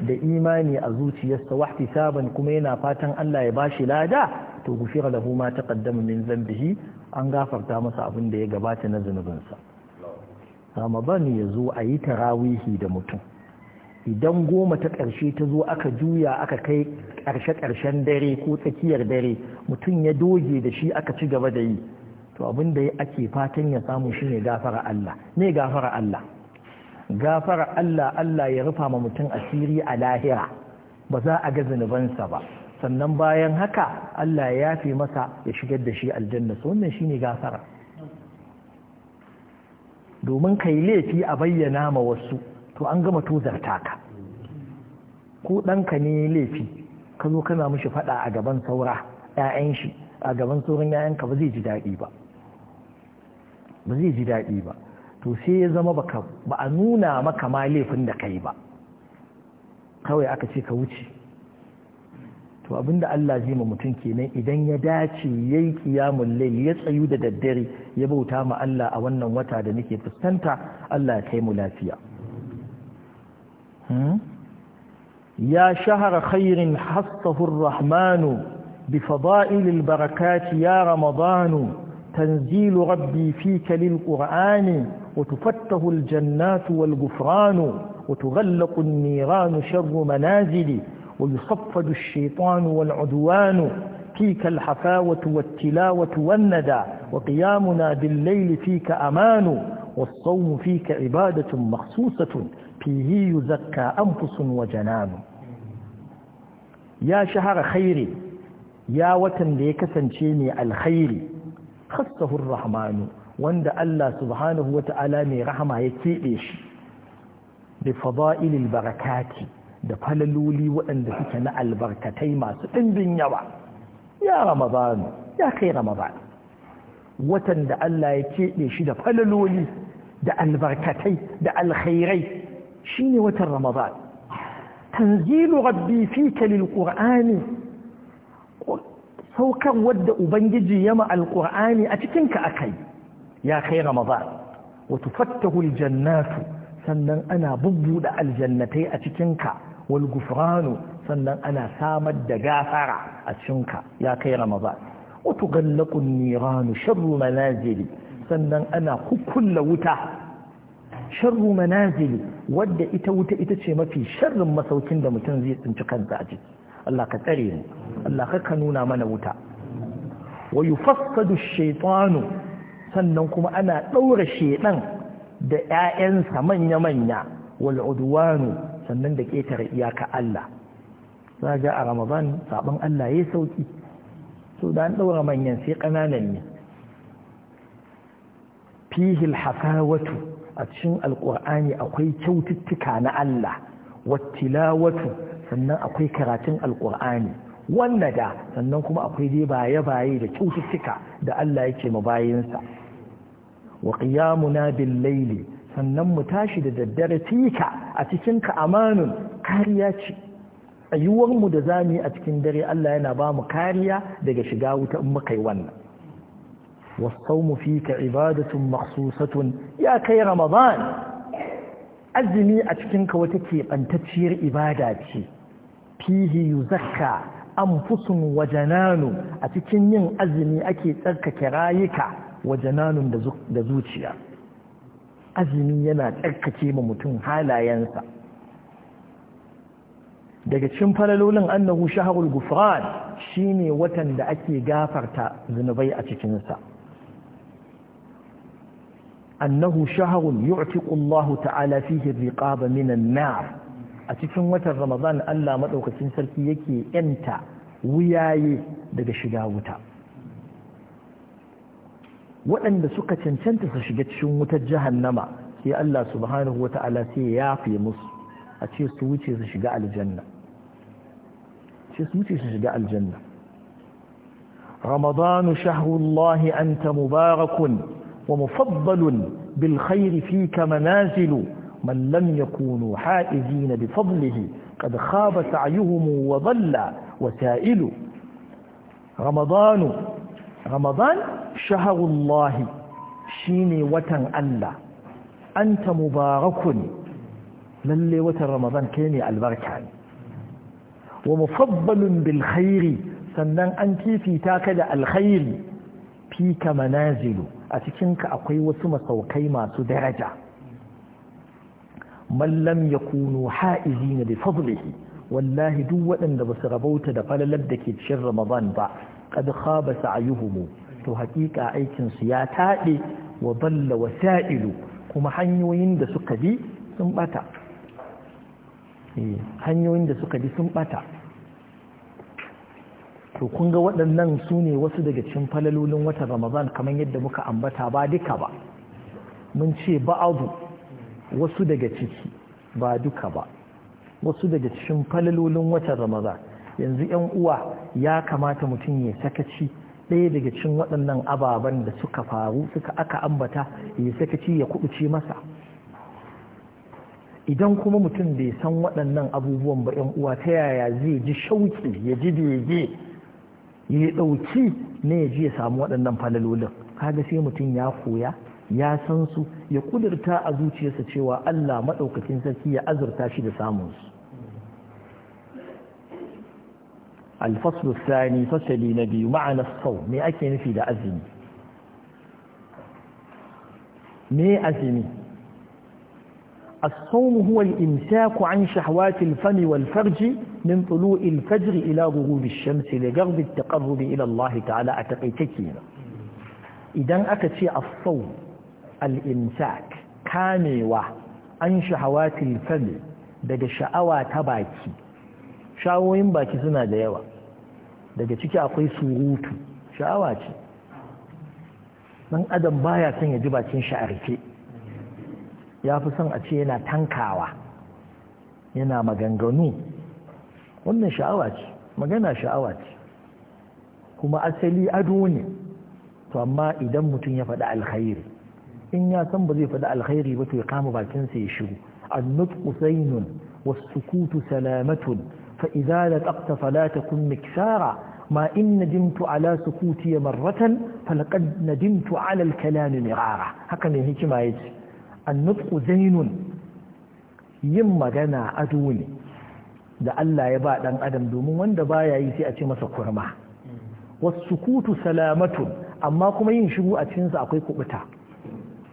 da imani a zuciyarsa wa ihtisaban kuma yana fatan Allah ya bashi lada to ghufira lahu ma taqaddama min dhanbihi an gafarta masa abin da ya gabata na zunubinsa ramadan ya zo a yi tarawihi da mutum idan goma ta ƙarshe ta zo aka juya aka kai ƙarshe-ƙarshen dare ko tsakiyar dare mutum ya doge da shi aka ci gaba da yi to abin da ake fatan ya samu shi ne gafara Allah ne gafara Allah gafara Allah Allah ya rufa ma mutum asiri a lahira ba za a ga zunubansa ba sannan bayan haka Allah ya yafe masa ya shigar da shi aljanna wannan shine gafara domin kai laifi a bayyana ma wasu to an gama tuzarta ka ko ɗanka ne laifi ka zo kana mishi faɗa a gaban saura 'ya'yan shi a gaban sauran 'ya'yanka ba zai ji daɗi ba ba zai ji daɗi ba to sai ya zama baka ba a nuna maka ma laifin da kai ba kawai aka ce ka wuce to abinda Allah zai ma mutum kenan idan ya dace yayi qiyamul layl ya tsayu da daddare ya bauta ma Allah a wannan wata da nake fuskanta Allah ya kai mu lafiya يا شهر خير حصه الرحمن بفضائل البركات يا رمضان تنزيل ربي فيك للقرآن وتفته الجنات والغفران وتغلق النيران شر منازل ويصفد الشيطان والعدوان فيك الحفاوة والتلاوة والندى وقيامنا بالليل فيك أمان والصوم فيك عبادة مخصوصة فيه يزكى أنفس وجنان يا شهر خير يا وتن ليكسن شيني الخير خصه الرحمن وند الله سبحانه وتعالى من رحمة يتيئش بفضائل البركات da falaloli waɗanda suke na albarkatai masu ɗimbin yawa ya ramadanu ya kai ramadanu watan da Allah ya keɓe shi da falaloli da albarkatai da alkhairai shine watan ramadan tanzilu rabbi fika lilqur'ani saukan wadda ubangiji yama alqur'ani a cikin ka akai ya kai ramadan Watu tufattahu aljannatu sannan ana bubbuda aljannatai a cikin ka wal gufranu sannan ana samar da gafara a cikin ka ya kai ramadan wa tughallaqu an-niranu sannan ana kukkulla wuta sharru manazili wadda ita wuta ita ce mafi sharrin masaukin da mutum zai tsinci kansa a ciki Allah ka tsare mu Allah ka ka nuna mana wuta wa yufassadu shaytanu sannan kuma ana daura shaydan da ƴaƴansa manya manya wal udwanu sannan da ketare iyaka Allah zaga a ramadan sabon Allah yayi sauki so da an daura manyan sai kananan ne fihil hafawatu a cikin alƙur'ani akwai kyaututtuka na Allah wattilawatu sannan akwai karatun alƙur'ani wannan da sannan kuma akwai dai baye-baye da kyaututtuka da Allah yake mu bayansa. wa qiyamuna bil layli sannan mu tashi da daddare tika a cikin ka amanun kariya ce ayyuwar mu da zamu yi a cikin dare Allah yana ba mu kariya daga shiga wuta in muka yi wannan والصوم فيك عبادة مخصوصة يا كي رمضان أزمي أتكنك وتكي أن تتشير إباداتي فيه يزكى أنفس وجنان أتكنين أزمي أكي تركك رايك وجنان دزوتيا أزمي ينا تركك ممتن حالا ينسى daga cikin falalolin annahu shahrul gufran shine watan da ake gafarta zunubai a cikinsa annahu shahrun yu'tiqu Allah ta'ala fihi riqaba minan na a cikin watan Ramadan Allah madaukakin sarki yake yanta wuyaye daga shiga wuta waɗanda suka cancanta su shiga cikin wutar jahannama sai Allah subhanahu wa ta'ala sai ya yafe musu a ce wuce su shiga aljanna ce su wuce su shiga aljanna رمضان ومفضل بالخير فيك منازل من لم يكونوا حائزين بفضله قد خاب سعيهم وضل وسائل رمضان رمضان شهر الله شيني وتن ألا أنت مبارك للي وتن رمضان كيني البركة ومفضل بالخير سنن أنت في تاكد الخير فيك منازل a cikinka akwai wasu masaukai masu daraja mallam ya kunu ha'izi na da fadlihi wallahi duk waɗanda ba su rabauta da falalar da ke cikin ramadan ba kad khaba sa'yuhum to haƙiƙa aikin su ya taɗe wa wa wasa'ilu kuma hanyoyin da suka bi sun ɓata. Eh, hanyoyin da suka bi sun ɓata to kun ga waɗannan su ne wasu daga cikin falalolin watan ramadan kamar yadda muka ambata ba duka ba mun ce ba abu wasu daga ciki ba duka ba wasu daga cikin falalolin watan ramadan yanzu yan uwa ya kamata mutum ya sakaci ɗaya daga cikin waɗannan ababen da suka faru suka aka ambata ya sakaci ya kuɗuce masa idan kuma mutum bai san waɗannan abubuwan ba yan uwa ta yaya zai ji shauki ya ji dege ya ɗauki ne ya ji ya samu waɗannan falalolin kaga sai mutum ya koya ya san su ya kudurta a zuciyarsa cewa Allah maɗaukakin sarki ya azurta shi da samun su الفصل الثاني na biyu معنى الصوم ما أكين في da أزمي ما أزمي الصوم هو الإمساك عن شهوات الفم والفرج من طلوع الفجر إلى غروب الشمس لقرب التقرب إلى الله تعالى أتقيتكينا إذا أكتشي الصوم الإمساك كاموا عن شهوات الفم daga sha'awa ta baki shawoyin baki suna da yawa daga ciki akwai surutu sha'awa ce ɗan adam baya son ya ji bakin sha'arfe ya fi son a ce yana tankawa yana maganganu wannan sha'awa ce magana sha'awa ce kuma asali ado ne to amma idan mutum ya faɗi alkhairi in ya san ba zai faɗi alkhairi ba to ya kama bakinsa ya shiru annutqu saynun wasukutu salamatun fa idza laqta fala takun miksara ma in nadimtu ala ya marratan falaqad nadimtu ala al mirara haka ne hikima yace annutku zainun yin magana ado ne da Allah ya ba ɗan adam domin wanda baya yi sai a ce masa kurma wasu kutu salamatun amma kuma yin shiru a cikinsa akwai kubuta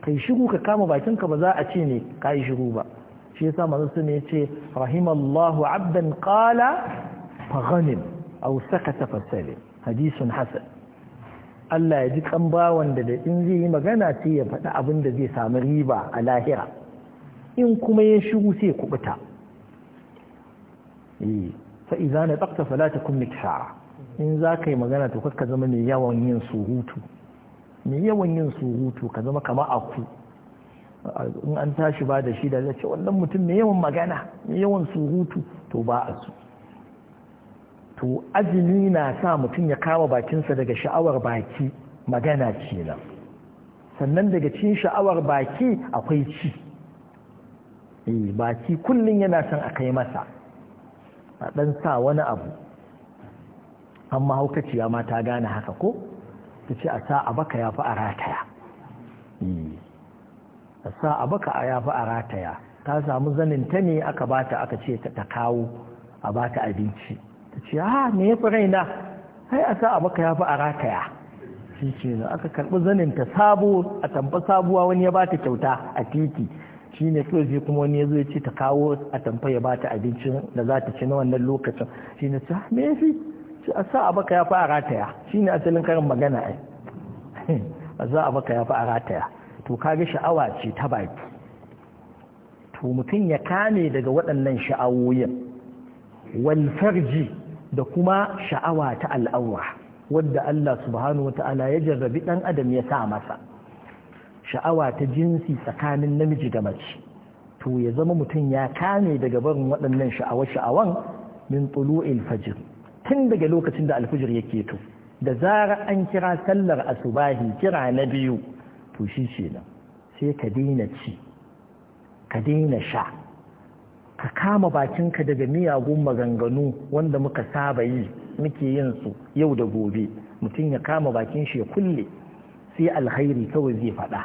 kai shiru ka kama bakinka ba za a ce ne ka yi shiru ba shi yasa manzo sun ya ce rahimallahu abdan qala faghanim aw sakata fasalim hadisun hasan Allah ya ji kan bawan da da in zai yi magana sai ya faɗi abin da zai samu riba a lahira in kuma ya shigo sai kubuta eh, fa idza na taqta fala takun mikshara in za ka yi magana to ka zama mai yawan yin surutu mai yawan yin surutu ka zama kamar aku in an tashi ba da shi da zai ce wannan mutum mai yawan magana mai yawan surutu to ba a su to azumi na sa mutum ya kama bakinsa daga sha'awar baki magana kenan sannan daga cin sha'awar baki akwai ci eh, baki kullum yana son a kai masa a ɗan sa wani abu amma haukaciya ma ta gane haka ko ta ce a sa a baka ya fi a rataya eh, a sa a baka ya fi a rataya ta samu zanin ta ne aka bata aka ce ta kawo a bata abinci ce ha ah, me ya fi raina hai a sa a maka ya fi a rataya shi ce na aka karɓi zaninta sabo a tamfa sabuwa wani ya bata kyauta a titi shi ne kawai zai kuma wani ya zo ya ce ta kawo a tamfa ya bata abincin da za ta ci na wannan lokacin shi ne ta ah, me ya fi a sa a baka ya fi a rataya shi ne asalin karin magana ai a sa a baka ya fi a rataya to kaga sha'awa ce ta baki to mutum ya kame daga waɗannan sha'awoyin wal farji da kuma sha'awa ta al'aura wadda Allah subhanahu wa ta'ala ya jarrabi ɗan adam ya sa masa sha'awa ta jinsi tsakanin namiji da mace to ya zama mutum ya kame daga barin waɗannan sha'awa-sha'awan min tulu'il fajr tun daga lokacin da alfijir yake to da zarar an kira sallar asubahi kira na biyu to shi ce nan sai ka daina ci ka daina sha ka kama bakinka daga miyagun maganganu wanda muka saba yi muke yin su yau da gobe mutum ya kama bakin shi kulle sai alhairi kawai zai faɗa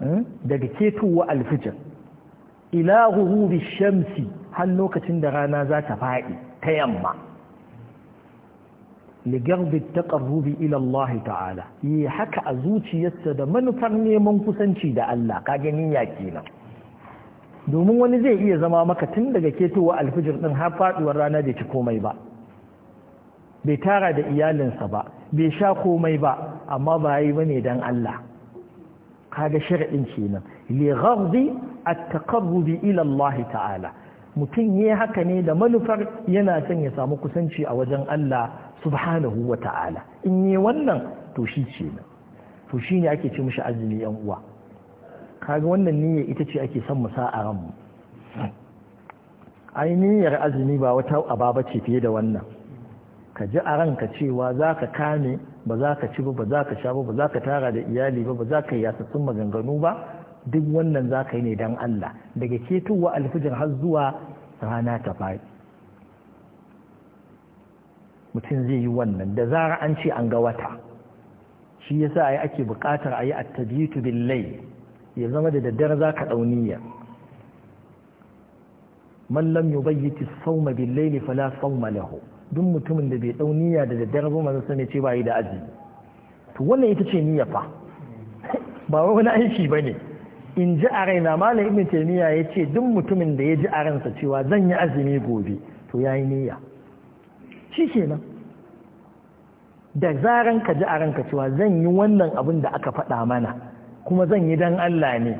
hmm? daga ketowa alfijir ila ghurubi shamsi har lokacin da rana za ta faɗi ta yamma ligarbi taqarrubi ila Allah ta'ala yi haka a zuciyarsa da manufar neman kusanci da Allah ka gani ya kenan domin wani zai iya zama maka tun daga ketowa alfijir ɗin har faɗuwar rana bai ci komai ba bai tara da iyalinsa ba bai sha komai ba amma ba yi ba ne don Allah kaga shari'in kenan li ghadhi at-taqarrub ila Allah ta'ala mutum yayi haka ne da manufar yana son ya samu kusanci a wajen Allah subhanahu wa ta'ala in yi wannan to shi ce to shi ne ake ce mishi azumi yan uwa kaga wannan niyya ita ce ake son musa sa a ranmu ai niyyar azumi ba wata aba ba ce fiye da wannan ka ji a ranka cewa za ka kame ba za ka ci ba ba za ka sha ba ba za ka tara da iyali ba ba za ka yi yasassun maganganu ba duk wannan za ka yi ne don Allah daga ketowa alfijir har zuwa rana ta faɗi mutum zai yi wannan da zara an ce an ga wata shi yasa ai ake bukatar a yi attabitu billai ya zama da daddare za ka ɗauniya mallam yi bayyaki sauma billaili fala sauma lahu duk mutumin da bai ɗauniya da daddare ba mazan sani ce bayi da aji to wannan ita ce niyya fa ba wani aiki ba ne in ji a raina malam ibn taymiya ya ce duk mutumin da ya ji a ransa cewa zan yi azumi gobe to ya yi niyya shi kenan da zaran ka ji a ranka cewa zan yi wannan abin da aka faɗa mana kuma zan yi dan Allah ne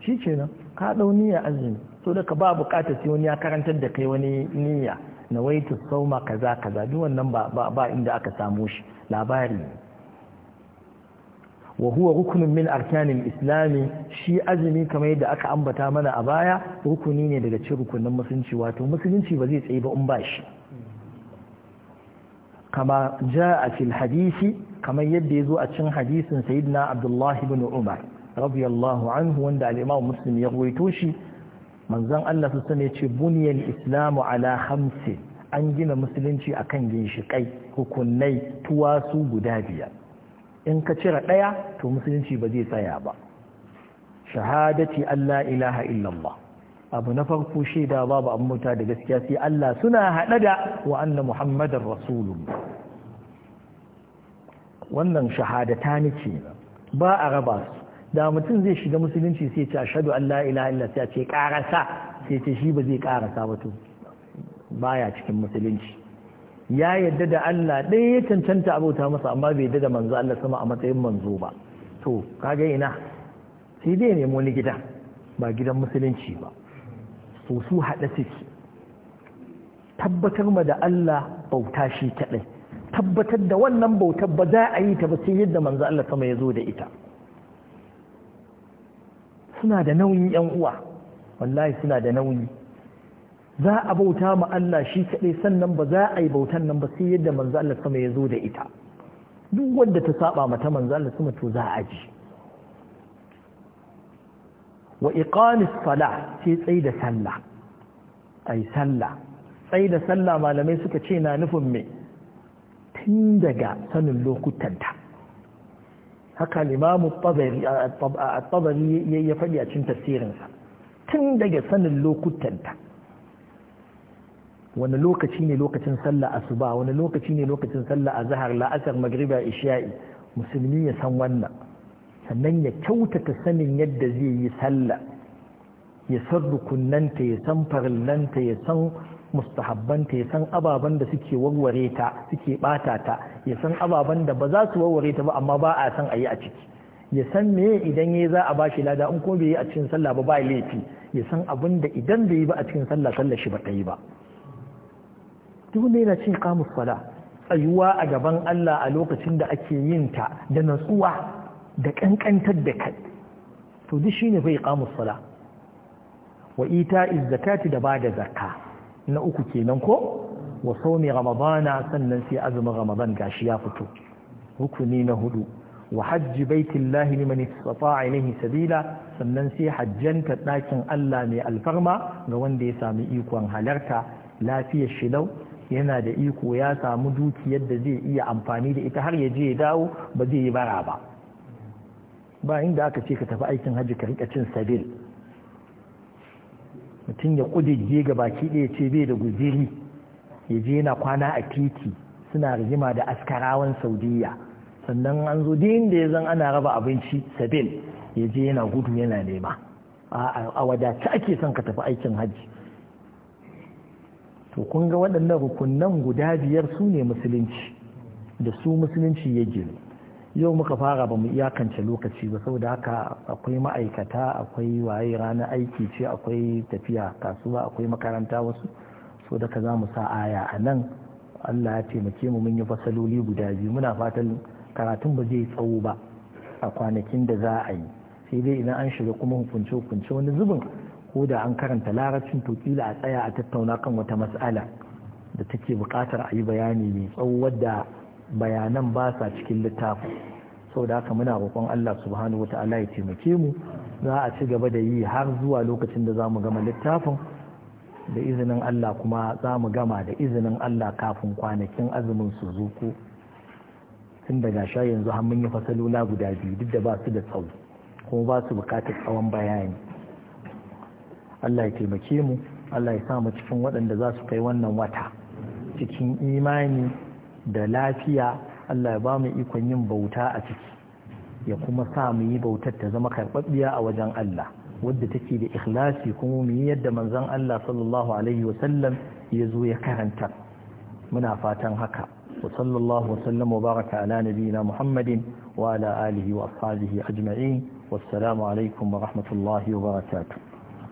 shi ce nan ka ɗau niyya azumi so da ka ba buƙatar sai wani ya karantar da kai wani niyya na waitu sauma kaza kaza duk wannan ba ba inda aka samu shi labari wa huwa rukunin min arkanin islami shi azumi kamar yadda aka ambata mana a baya rukuni ne daga cikin rukunin musulunci wato musulunci ba zai tsaye ba in ba shi kama a fil hadisi kamar yadda ya zo a cikin hadisin sayyidina abdullahi ibn umar radiyallahu anhu wanda al-imam muslim ya rawaito shi manzon Allah su sani ce buniyal islamu ala hamsi an gina musulunci akan ginshikai hukunnai tuwasu guda biyar in ka cire ɗaya to musulunci ba zai tsaya ba shahadati Allah ilaha illallah abu na farko shaida babu an mota da gaskiya sai Allah suna haɗa da wa anna muhammadar rasulun wannan shahada ta nace ba a raba su da mutum zai shiga musulunci sai ce ashadu an la ilaha illa sai ce karasa sai ce shi ba zai karasa ba to baya cikin musulunci ya yadda da Allah ɗaya ya cancanta abota masa amma bai yadda da manzo Allah sama a matsayin manzo ba to kaga ina sai dai ne mu ni gida ba gidan musulunci ba to su haɗa suke tabbatar ma da Allah bauta shi kaɗai tabbatar da wannan bautar ba za a yi ta ba sai yadda manzo Allah sama ya zo da ita suna da nauyin yan uwa wallahi suna da nauyi za a bauta ma Allah shi kaɗai sannan ba za a yi bautan nan ba sai yadda manzo Allah sama ya zo da ita duk wanda ta saba mata manzo Allah sama to za a ji wa iqamis salah sai tsayi da sallah ai sallah tsayi da sallah malamai suka ce na nufin me tun daga sanin lokutanta haka limamu tabari ya faɗi a cin tafsirinsa tun daga sanin lokutanta wani lokaci ne lokacin sallah asuba wani lokaci ne lokacin sallah a la'asar magriba isha'i musulmi ya san wannan sannan ya kyautata sanin yadda zai yi sallah ya san rukunanta ya san farillanta ya san mustahabbanta ya san ababen da suke warware ta suke bata ta ya san ababen da ba za su warware ta ba amma ba a san a yi a ciki ya san me idan ya za a ba shi lada in ko bai yi a cikin sallah ba ba laifi ya san abin da idan bai yi ba a cikin sallah sallah shi ba ta yi ba duk ne na cin kamus sala tsayuwa a gaban Allah a lokacin da ake yin ta da natsuwa da ƙanƙantar da kai to duk shi ne bai ƙamus sala wa ita iz zakati da bada da zakka na uku kenan ko wa saumi ramadana sannan sai azumin ramadan gashi ya fito rukuni na hudu wa hajji baitillahi liman a ilayhi sabila sannan sai hajjanta ɗakin Allah mai alfarma ga wanda ya sami ikon halarta lafiyar shilau yana da iko ya samu dukiyar da zai iya amfani da ita har ya je ya dawo ba zai yi bara ba ba inda aka ce ka tafi aikin hajji ka rika cin sabil mutum ya kudirje ga baki ɗaya ce bai da guziri ya je yana kwana a titi suna rigima da askarawan Saudiyya sannan an zo duk inda ya zan ana raba abinci sabil ya je yana gudu yana nema a wadace ake son ka tafi aikin hajji to kun ga waɗannan rukunan guda biyar su ne musulunci da su musulunci ya gina yau muka fara ba mu iyakance lokaci ba saboda haka akwai ma'aikata akwai waye ranar aiki ce akwai tafiya kasuwa akwai makaranta wasu so daga za mu sa aya a nan allah ya taimake mu mun yi fasaloli guda biyu muna fatan karatun ba zai tsawo ba a kwanakin da za a yi sai dai idan an shiga kuma hukunce hukunce wani zubin ko da an karanta larabcin to kila a tsaya a tattauna kan wata mas'ala da take bukatar a yi bayani mai tsawo wadda bayanan ba sa cikin littafin da haka muna roƙon Allah subhanahu ta'ala ya taimake mu za a ci gaba da yi har zuwa lokacin da za mu gama littafin da izinin Allah kuma za mu gama da izinin Allah kafin kwanakin azumin su zuku tun daga sha yanzu har mun yi na guda biyu duk da ba su da tsawo kuma ba su bukatar tsawon bayani Allah ya taimake mu Allah ya sa mu cikin waɗanda za su kai wannan wata cikin imani da lafiya Allah ya ba mu ikon yin bauta a ciki ya kuma sa mu yi bautar ta zama karɓaɓɓiya a wajen Allah wadda take da ikhlasi kuma mu yi yadda manzon Allah sallallahu alaihi wa sallam ya zo ya karanta muna fatan haka wa sallallahu wa sallam wa baraka ala nabiyina Muhammadin wa ala alihi wa ashabihi ajma'in wassalamu alaikum wa rahmatullahi wa barakatuh